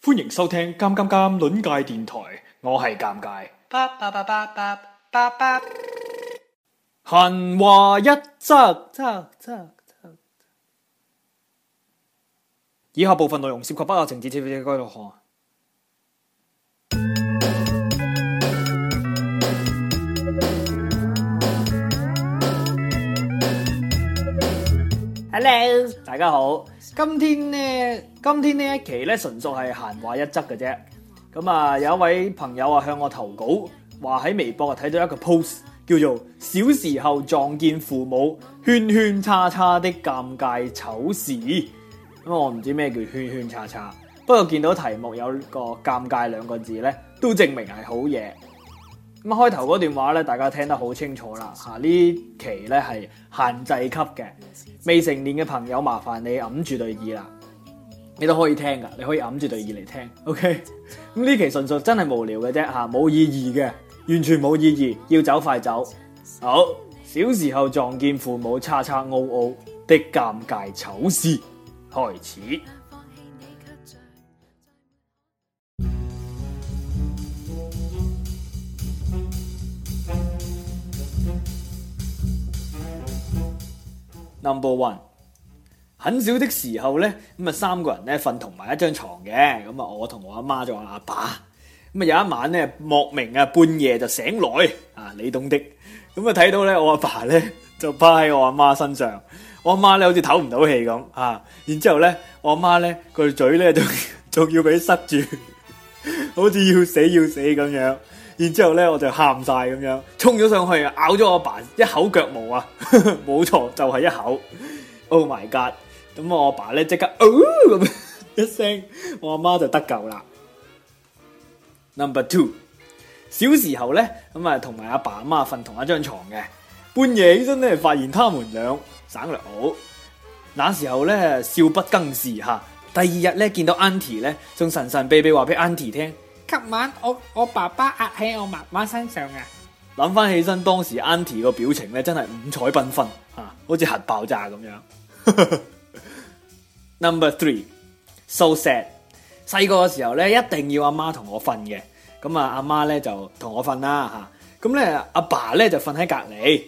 歡迎收聽《尷尷尷》鄰界電台，我係尷尬。閒話一則，則則則。以下部分內容涉及不雅情節，切記該度看。Hello 大家好，今天呢今天呢一期咧，純粹係閒話一則嘅啫。咁啊，有一位朋友啊向我投稿，話喺微博啊睇到一個 post，叫做小時候撞見父母圈圈叉叉的尷尬醜事。咁我唔知咩叫圈圈叉叉，不過見到題目有個尷尬兩個字咧，都證明係好嘢。咁開頭嗰段話咧，大家聽得好清楚啦嚇。呢期咧係限制級嘅，未成年嘅朋友，麻煩你揞住對耳啦，你都可以聽㗎，你可以揞住對耳嚟聽。OK，咁呢期純粹真係無聊嘅啫嚇，冇意義嘅，完全冇意義，要走快走。好，小時候撞見父母叉叉傲傲的尷尬醜事開始。Number one，很少的時候咧，咁啊三個人咧瞓同埋一張床嘅。咁啊，我同我阿媽仲有阿爸，爸。咁啊有一晚咧，莫名啊半夜就醒來啊，你懂的。咁啊睇到咧，我阿爸咧就趴喺我阿媽身上，我阿媽咧好似唞唔到氣咁啊。然之後咧，我阿媽咧個嘴咧仲仲要俾佢塞住，好似要死要死咁樣。然之後咧，我就喊晒咁樣，衝咗上去咬咗我阿爸，爸一口腳毛啊！冇錯，就係、是、一口。Oh my god！咁我阿爸咧即刻哦咁、oh! 一聲，我阿媽就得救啦。Number two，小時候咧咁啊，同埋阿爸阿媽瞓同一張床嘅，半夜起身咧發現他們兩省略號。那時候咧笑不更事吓，第二日咧見到 Auntie 咧，仲神神秘秘話俾 Auntie 聽今晚我我爸爸壓喺我媽媽身上啊！諗翻起身，當時 Auntie 個表情咧真係五彩繽紛吓，好似核爆炸咁樣。 Number three，So sad。細個嘅時候咧，一定要阿媽同我瞓嘅，咁啊阿媽咧就同我瞓啦吓，咁咧阿爸咧就瞓喺隔籬。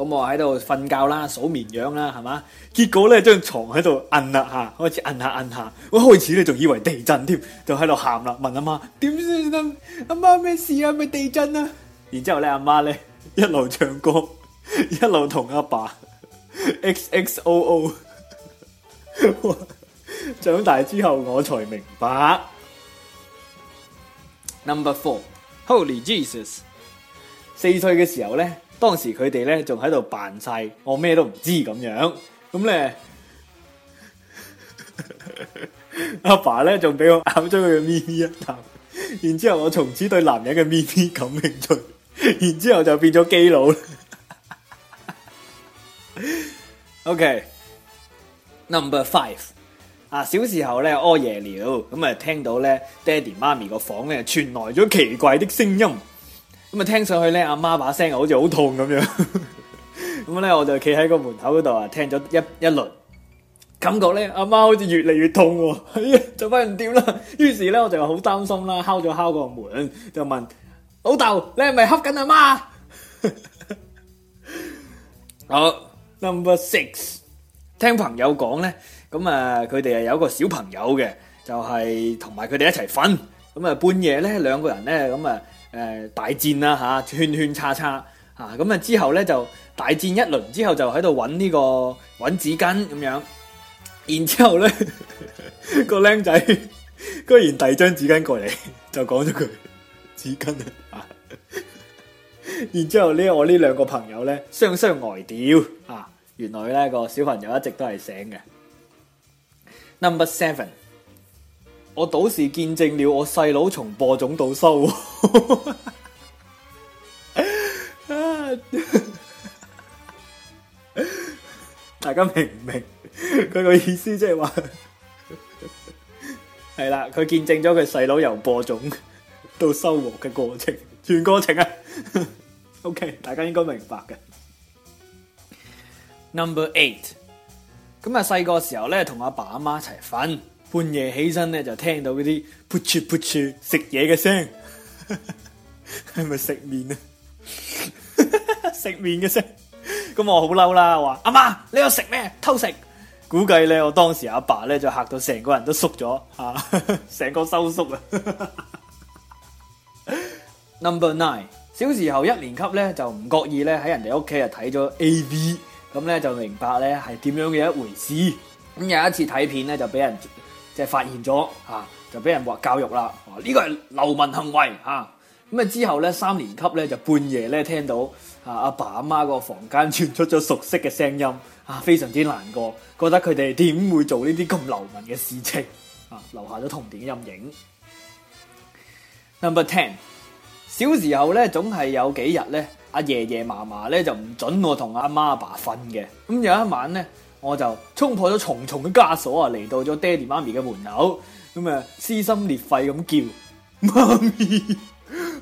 咁我喺度瞓覺啦，數綿羊啦，係嘛？結果咧張床喺度摁啦吓，開始摁下摁下，我開始咧仲以為地震添，就喺度喊啦，問阿媽點算啊？阿媽咩事啊？咩地震啊！然之後咧阿媽咧一路唱歌，一路同阿爸，爸 X X O O。O 長大之後我才明白。Number four，Holy Jesus。四歲嘅時候咧。當時佢哋咧仲喺度扮晒，我咩都唔知咁樣。咁咧，阿 爸咧仲俾我咬咗佢嘅咪咪一啖。然之後我從此對男人嘅咪咪感興趣，然之後就變咗基佬。 OK，Number，okay, Five。啊，小時候咧屙、哦、夜尿，咁啊聽到咧爹哋媽咪個房咧傳來咗奇怪的聲音。咁啊，聽上去咧，阿媽把聲啊，好似好痛咁樣。咁咧，我就企喺個門口嗰度啊，聽咗一一輪，感覺咧阿媽好似越嚟越痛喎，就返唔掂啦。於是咧，我就好擔心啦，敲咗敲個門，就問老豆：你係咪恰緊阿媽？好，Number Six，聽朋友講咧，咁啊，佢哋係有個小朋友嘅，就係同埋佢哋一齊瞓。咁啊，半夜咧，兩個人咧，咁啊。誒，大戰啦吓，圈圈叉叉，咁啊，之後咧就大戰一輪，之後就喺度揾呢個揾紙巾咁樣，然之後咧 個僆仔居然第二張紙巾過嚟，就講咗句紙巾啊， 然之後呢我呢兩個朋友咧雙雙呆屌。啊、呃，原來咧個小朋友一直都係醒嘅。Number seven。我倒是見證了我細佬從播種到收穫， 大家明唔明佢個意思？ 即係話係啦，佢見證咗佢細佬由播種到收穫嘅過程，全過程啊 ！OK，大家應該明白嘅。Number eight，咁啊，細個時候咧同阿爸阿媽一齊瞓，半夜起身咧，就聽到嗰啲噗嗤噗嗤食嘢嘅聲，係咪食麵啊？食麵嘅聲，咁我好嬲啦，我話阿媽你又食咩偷食？估計咧，我當時阿爸咧就嚇到成個人都縮咗，吓，成個收縮啊。Number nine，小時候一年級咧就唔覺意咧喺人哋屋企啊睇咗 AV，咁咧就明白咧係點樣嘅一回事。咁有一次睇片咧就俾人。即係發現咗嚇，啊，就俾人話教育啦。呢個係流氓行為嚇。咁啊之後咧，三年級咧就半夜咧聽到啊阿爸阿媽個房間傳出咗熟悉嘅聲音，啊非常之難過，覺得佢哋點會做呢啲咁流氓嘅事情啊，留下咗童年陰影。Number ten，小時候咧總係有幾日咧，阿、啊、爺爺嫲嫲咧就唔准我同阿媽阿爸瞓嘅。咁有一晚咧。我就衝破咗重重嘅枷鎖啊，嚟到咗爹哋媽咪嘅門口，咁啊撕心裂肺咁叫媽咪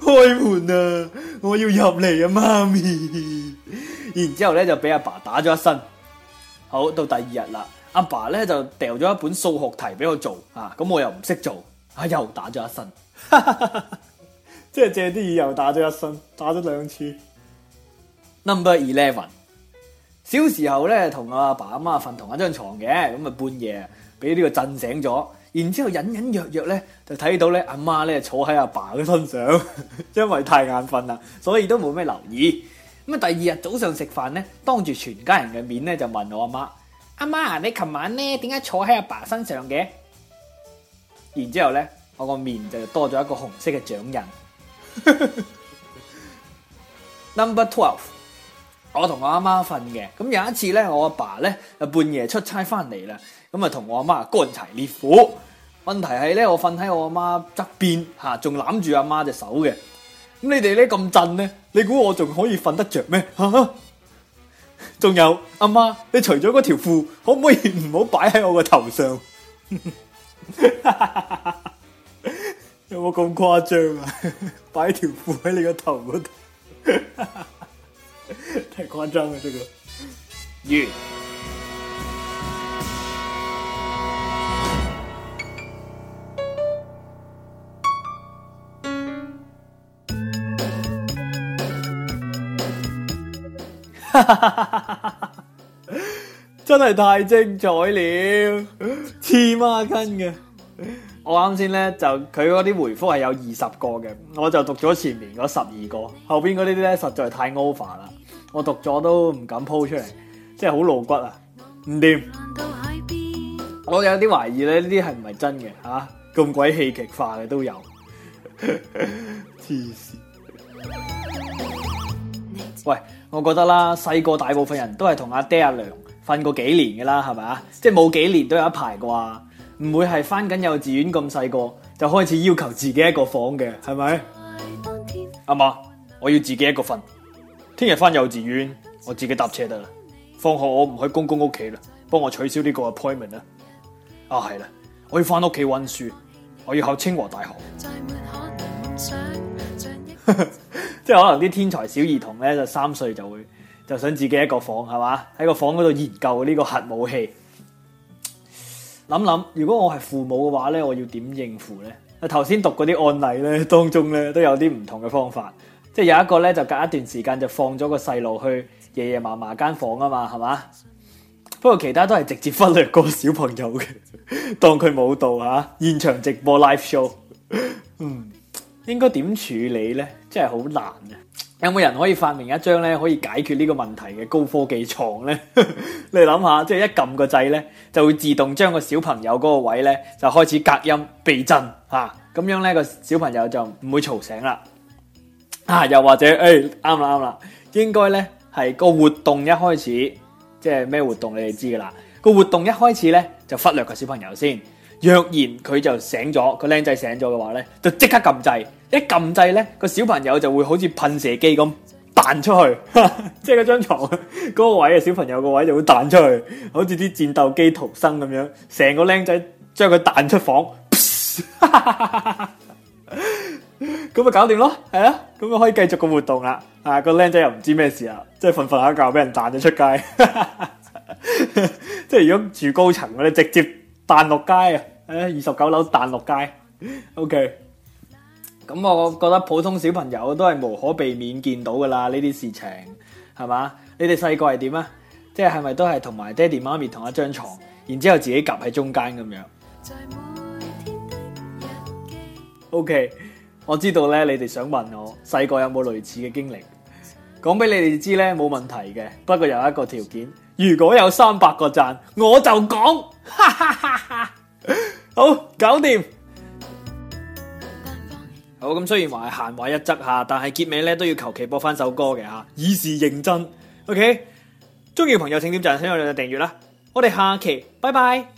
開門啊，我要入嚟啊媽咪！然之後咧就俾阿爸，爸打咗一身。好，到第二日啦，阿爸咧就掉咗一本數學題俾我做啊，咁我又唔識做，啊又，做又打咗一身，即係 借啲嘢，又打咗一身，打咗兩次。Number eleven。小時候咧，同阿爸阿媽瞓同一張床嘅，咁啊半夜俾呢個震醒咗，然之後隱隱約約咧就睇到咧阿媽咧坐喺阿爸嘅身上，因為太眼瞓啦，所以都冇咩留意。咁啊第二日早上食飯咧，當住全家人嘅面咧就問我阿媽：阿媽，媽，你琴晚咧點解坐喺阿爸，爸身上嘅？然之後咧我個面就多咗一個紅色嘅掌印。Number twelve。我同我阿媽瞓嘅，咁有一次咧，我阿爸咧就半夜出差翻嚟啦，咁啊同我阿媽，媽乾柴烈火。問題係咧，我瞓喺我阿媽側邊吓，仲攬住阿媽隻手嘅。咁你哋咧咁震咧，你估我仲可以瞓得着咩？仲、啊、有阿媽，媽，你除咗嗰條褲，可唔可以唔好擺喺我個頭上？ 有冇咁誇張啊？擺 條褲喺你個頭度？ 太誇張啦這個、完。耶！ 真係太精彩了，痴孖筋嘅。我啱先咧就佢嗰啲回覆係有二十個嘅，我就讀咗前面嗰十二個，後邊嗰啲咧實在太 over 啦。我讀咗都唔敢 po 出嚟，即係好露骨啊，唔掂。嗯、我有啲懷疑咧，呢啲係唔係真嘅嚇？咁、啊、鬼戲劇化嘅都有。黐 線！喂，我覺得啦，細個大部分人都係同阿爹阿娘瞓過幾年嘅啦，係咪啊？即係冇幾年都有一排啩，唔會係翻緊幼稚園咁細個就開始要求自己一個房嘅，係咪？阿媽、嗯，我要自己一個瞓。聽日翻幼稚園，我自己搭車得啦。放學我唔去公公屋企啦，幫我取消呢個 appointment 啦。啊係啦，我要翻屋企溫書，我要考清華大學。即 係可能啲天才小兒童咧，就三歲就會就想自己一個房係嘛，喺個房嗰度研究呢個核武器。諗諗，如果我係父母嘅話咧，我要點應付咧？啊頭先讀嗰啲案例咧，當中咧都有啲唔同嘅方法。即係有一個咧，就隔一段時間就放咗個細路去爺爺嫲嫲間房啊嘛，係嘛？不過其他都係直接忽略個小朋友嘅，當佢冇到嚇，現場直播 live show。嗯，應該點處理咧？真係好難啊！有冇人可以發明一張咧，可以解決呢個問題嘅高科技牀咧？你諗下，即係一撳個掣咧，就會自動將個小朋友嗰個位咧就開始隔音、避震嚇，咁、啊、樣咧個小朋友就唔會嘈醒啦。啊！又或者，誒啱，啦啱啦，應該咧係個活動一開始，即係咩活動你哋知㗎啦。個活動一開始咧就忽略個小朋友先，若然佢就醒咗，個僆仔醒咗嘅話咧，就即刻撳掣，一撳掣咧個小朋友就會好似噴射機咁彈出去，哈哈即係嗰張床嗰個位嘅小朋友個位就會彈出去，好似啲戰鬥機逃生咁樣，成個僆仔將佢彈出房。咁咪搞掂咯，係啊，咁咪可以繼續個活動啦。啊，個靚仔又唔知咩事啊，即係瞓瞓下覺俾人彈咗出街，呵呵呵 即係如果住高層我哋直接彈落街啊，二十九樓彈落街。OK，咁我覺得普通小朋友都係無可避免見到噶啦呢啲事情，係嘛？你哋細個係點啊？即係係咪都係同埋爹哋媽咪同一張床，然之後自己夾喺中間咁樣？OK。我知道咧，你哋想問我細個有冇類似嘅經歷？講俾你哋知咧冇問題嘅，不過有一個條件，如果有三百個讚，我就講，哈哈哈哈！好，搞掂。好，咁雖然話係閒話一則吓，但係結尾咧都要求其播翻首歌嘅吓，以示認真。OK，中意嘅朋友請點讚，請我哋訂閱啦。我哋下期拜拜。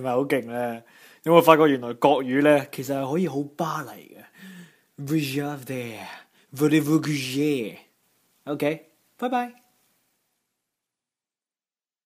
係咪好勁咧？你有冇發覺原來國語咧，其實係可以好巴黎嘅。Bravo there, v o r e b r i e OK，拜拜。